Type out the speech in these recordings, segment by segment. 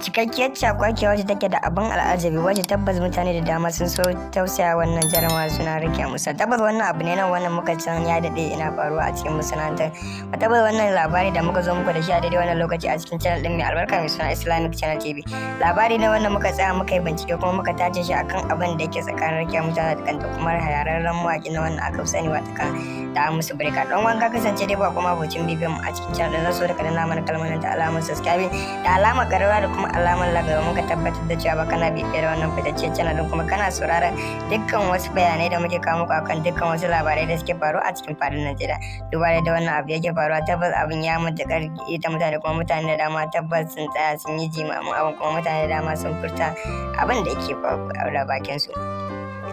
cikakkiyar cakwaki wacce take da abin al'ajabi wacce tabbas mutane da dama sun so tausaya wannan jarumar suna rike musa tabbas wannan abu ne nan wannan muka can ya daɗe ina faruwa a cikin masana'antar a tabbas wannan labari da muka zo muku da shi a daidai wannan lokaci a cikin channel ɗin mai albarka mai suna islamic channel tv labari ne wannan muka tsaya muka yi bincike kuma muka tace shi akan abin da yake tsakanin rike musa da kanta kuma hayararren mawaƙi na wannan aka sani ta kan da musu birka don wanka kasance dai ba kuma abocin bibiyan a cikin channel ɗin zasu da kadan mana kalmar ta alamar subscribe da alamar ƙararra da kuma alamar like domin ka tabbatar da cewa kana bibiyar wannan fitacce channel din kuma kana saurara dukkan wasu bayanai da muke kawo muku akan dukkan wasu labarai da suke faruwa a cikin fadin Najeriya duba da wannan abu yake faruwa tabbas abin ya matukar ita mutane kuma mutane da dama tabbas sun tsaya sun yi jimamin abin kuma mutane da dama sun furta abin da yake faruwa bakin su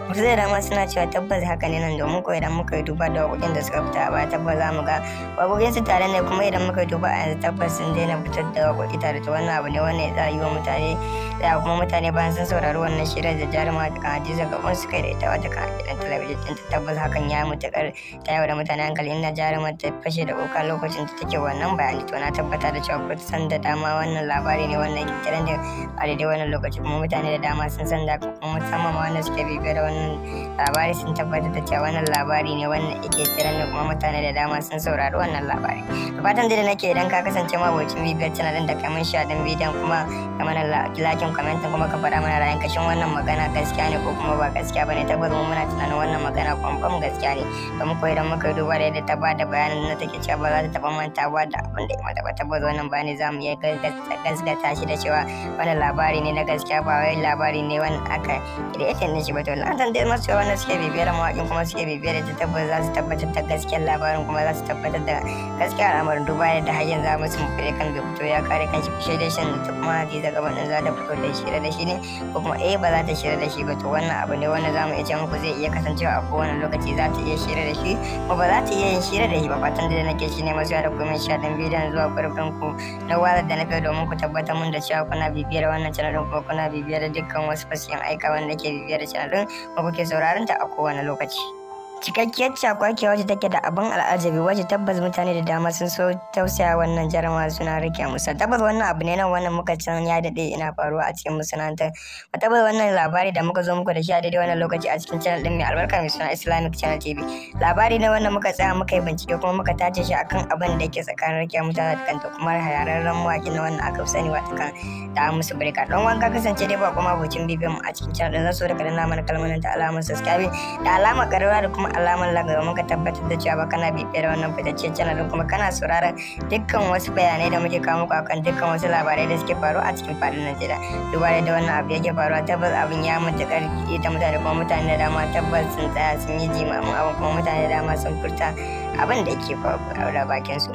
wasu zai dama suna cewa tabbas haka ne nan domin ko idan muka yi duba da waƙoƙin da suka fita ba tabbas za mu ga wakokin su tare ne kuma idan muka yi duba a yanzu tabbas sun daina fitar da waƙoƙi tare ta wannan abu ne wannan ya sa yi wa mutane da kuma mutane bayan sun saurari wannan shirin da jaruma ta kan hadiza gaban su kai da ita wata kan gidan talabijin ɗin ta tabbas hakan ya mutuƙar ta yau da mutane hankali ina ma ta fashe da kuka lokacin da take wannan bayani to na tabbata da cewa kun san da dama wannan labari ne wannan kiran da a daidai wannan lokacin kuma mutane da dama sun san da kuma musamman ma wanda suke bibiyar da wannan labarin labari sun tabbatar da cewa wannan labari ne wannan yake kiran ne kuma mutane da dama sun saurari wannan labari da fatan da nake idan ka kasance mabocin bibiyar channel din da kamar sha din bidiyon kuma ka mana lakin comment kuma ka fara mana ra'ayin kashin wannan magana gaskiya ne ko kuma ba gaskiya bane tabbas mu muna tunanin wannan magana kwamfam gaskiya ne domin ko idan muka duba da yadda ta ba da bayanin na take cewa ba za ta taba mantawa da abin da ya mata ba tabbas wannan bayani za mu iya gaskata shi da cewa wannan labari ne na gaskiya ba wai labari ne wannan aka kireta ne shi ba to na wannan dai masu wani suke bibiyar mawaƙin kuma suke bibiyar da ta za su tabbatar da gaskiyar labarin kuma za su tabbatar da gaskiyar al'amarin duba da hanyar za mu sun fure kan bai fito ya kare kan shi fushe da shi ta kuma hadiza gaban ɗin za ta fito da shirya da shi ne ko kuma eh ba za ta shirya da shi ba to wannan abu ne wanda za mu iya ce muku zai iya kasancewa a kowane lokaci za ta iya shirya da shi ko ba za ta iya yin shirya da shi ba fatan da nake shi ne masu da kuma sha ɗan bidiyon zuwa gurbin ku na wazar da na fi domin ku tabbatar mun da cewa kuna bibiyar wannan channel kuma kuna bibiyar dukkan wasu fasiyan aika wanda ke bibiyar channel ba kuke sauraron ta a kowane lokaci. cikakkiyar cakwakiya wacce take da abin al'ajabi wacce tabbas mutane da dama sun so tausaya wannan jarma suna rike musa tabbas wannan abu ne nan wannan muka can ya dade ina faruwa a cikin Ma tabbas wannan labari da muka zo muku da shi a daidai wannan lokaci a cikin channel din mai albarka mai suna islamic channel tv labari na wannan muka tsaya muka yi bincike kuma muka tace shi akan abin da yake tsakanin rike mutane da kanta kuma hayararren mawaƙin na wannan aka sani wata kan da musu birka don wanka kasance dai ba kuma abokin bibiyan mu a cikin channel din zan so da kadan na mana kalmanin ta alamar subscribe da alamar karewa da kuma kuma alamar like domin ka tabbatar da cewa kana bibiyar wannan fitaccen channel kuma kana sauraron dukkan wasu bayanai da muke kawo muku dukkan wasu labarai da suke faru a cikin fadin Najeriya duba da wannan abu yake faruwa tabbas abin ya matuƙar ita mutane kuma mutane da dama tabbas sun tsaya sun yi jimamin abin kuma mutane da dama sun furta abin da yake faruwa a bakin su.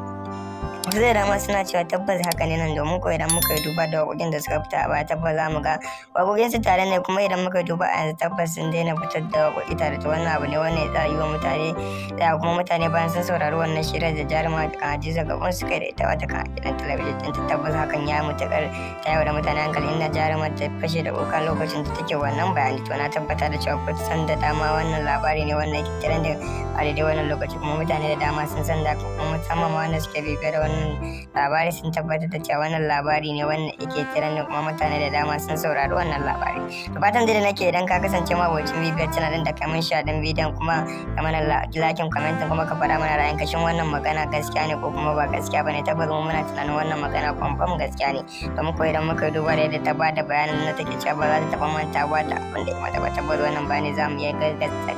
zai dama suna cewa tabbas haka ne nan domin ko idan muka duba da waƙoƙin da suka fita a baya tabbas za mu ga wakokin su tare ne kuma idan muka duba a yanzu tabbas sun daina fitar da waƙoƙi tare da wannan abu ne wannan ya tsayi wa mutane da kuma mutane bayan sun saurari wannan shirya da jaruma da kan hadiza gaban su kai da ita wata kan gidan talabijin ɗinta tabbas hakan ya matuƙar ta da mutane hankali inda jaruma ta fashe da kuka lokacin da take wannan bayani to na tabbata da cewa kun san da dama wannan labari ne wannan yake da a daidai wannan lokaci kuma mutane da dama sun san da kuma musamman wanda suke bibiyar wannan rahotanni labari sun tabbatar da cewa wannan labari ne wannan yake tiran kuma mutane da dama sun saurari wannan labari to fatan da nake idan ka kasance ma bocin bibiyar channel da kamar sha dan bidiyon kuma kamar lakin comment kuma ka fara mana ra'ayin kashin wannan magana gaskiya ne ko kuma ba gaskiya bane tabbas mu muna tunanin wannan magana confirm gaskiya ne mu ko idan muka duba da yadda ta da bayanin na take cewa ba za ta taɓa mantawa da abin da kuma mata ba tabbas wannan bani za mu iya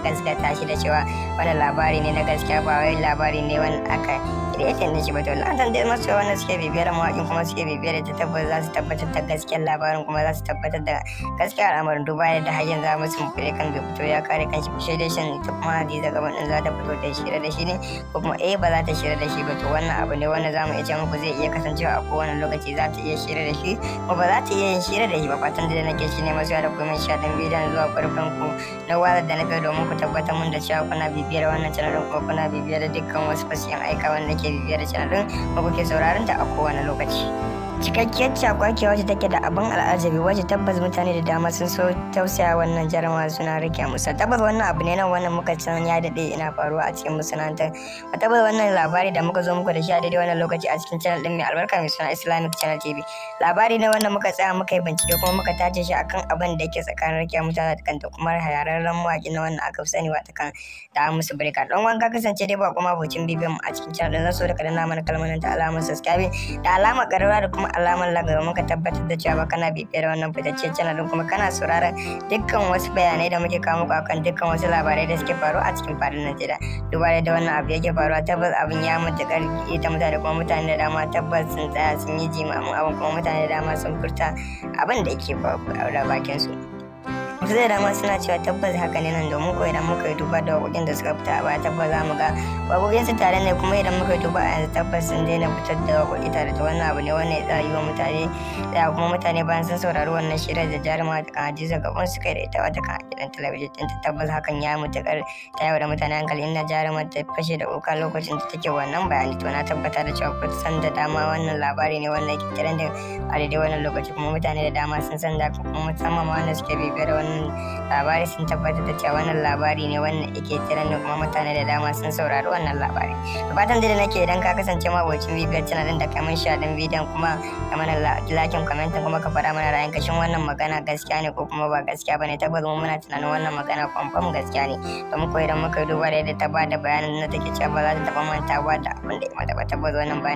gaskata shi da cewa wannan labari ne na gaskiya ba wai labari ne wani aka kireta ne shi ba to an san dai masu wanda suke bibiyar mawaƙin kuma suke bibiyar da tabbas za su tabbatar da gaskiyar labarin kuma za su tabbatar da gaskiyar al'amarin duba da har za mu musu mutune kan bai fito ya kare kan shi da shan ita kuma hadiza gaban ɗin za ta fito ta shirya da shi ne ko kuma eh ba za ta shirya da shi ba to wannan abu ne wanda za mu iya ce muku zai iya kasancewa a kowane lokaci za ta iya shirya da shi ko ba za ta iya yin shirya da shi ba fatan da nake shi ne masu da kuma sha ɗan bidiyon zuwa ƙarfin ku na wala da na kai domin ku tabbatar mun da cewa kuna bibiyar wannan canalin kuma kuna bibiyar dukkan wasu fasiyan aika wanda ke bibiyar canalin ko kuke sauraron ta a kowane lokaci. cikakkiyar cakwa ke wacce take da abin al'ajabi wacce tabbas mutane da dama sun so tausaya wannan jarma suna rike musa tabbas wannan abu ne nan wannan muka san ya daɗe ina faruwa a cikin masana'antar a tabbas wannan labari da muka zo muku da shi a daidai wannan lokaci a cikin channel din mai albarka mai suna islamic channel tv labari na wannan muka tsaya muka yi bincike kuma muka tace shi akan abin da yake tsakanin rike musa da kanta kuma hayararren mawaƙi na wannan aka fi sani wata kan da musu birka don wanka kasance dai ba kuma bocin bibiyan a cikin channel din zan so da kadan na mana kalmanin ta alamar subscribe da alamar ƙararra da kuma kuma alamar like domin ka tabbatar da cewa kana bibiyar wannan fitaccen channel kuma kana sauraron dukkan wasu bayanai da muke kawo muku akan dukkan wasu labarai da suke faru a cikin fadin Najeriya duba da wannan abu yake faruwa tabbas abin ya karki ita mutane kuma mutane da dama tabbas sun tsaya sun yi jimamin abin kuma mutane da dama sun furta abin da yake faru a bakin su. ba zai dama suna cewa tabbas haka ne nan domin ko idan muka yi duba da waƙoƙin da suka fita a tabbas za mu ga wakokin su tare ne kuma idan muka yi duba a yanzu tabbas sun daina fitar da waƙoƙi tare da wannan abu ne wannan ya yi wa mutane da kuma mutane bayan sun saurari wannan shirin da jaruma da kan hadiza gaban su kai da ita wata kan gidan talabijin din ta tabbas hakan ya mutuƙar ta yau da mutane hankali ina jaruma ta fashe da kuka lokacin da take wannan bayani to na tabbata da cewa san da dama wannan labari ne wannan ke da a daidai wannan lokaci kuma mutane da dama sun san da kuma musamman wanda suke bibiyar wannan wannan labari sun tabbatar da cewa wannan labari ne wannan yake tiran da kuma mutane da dama sun saurari wannan labari da fatan da nake idan ka kasance ma abokin bibiyar channel din da ka mun shaɗin bidiyon kuma ka mana lakin kwamentin kuma ka faɗa mana ra'ayin kashin wannan magana gaskiya ne ko kuma ba gaskiya ba ne tabbas mu muna tunanin wannan magana kwamfam gaskiya ne domin koyi idan muka duba da yadda ta bada bayanin na take cewa ba za ta taɓa mantawa da abin da ya mata ba tabbas wannan ne.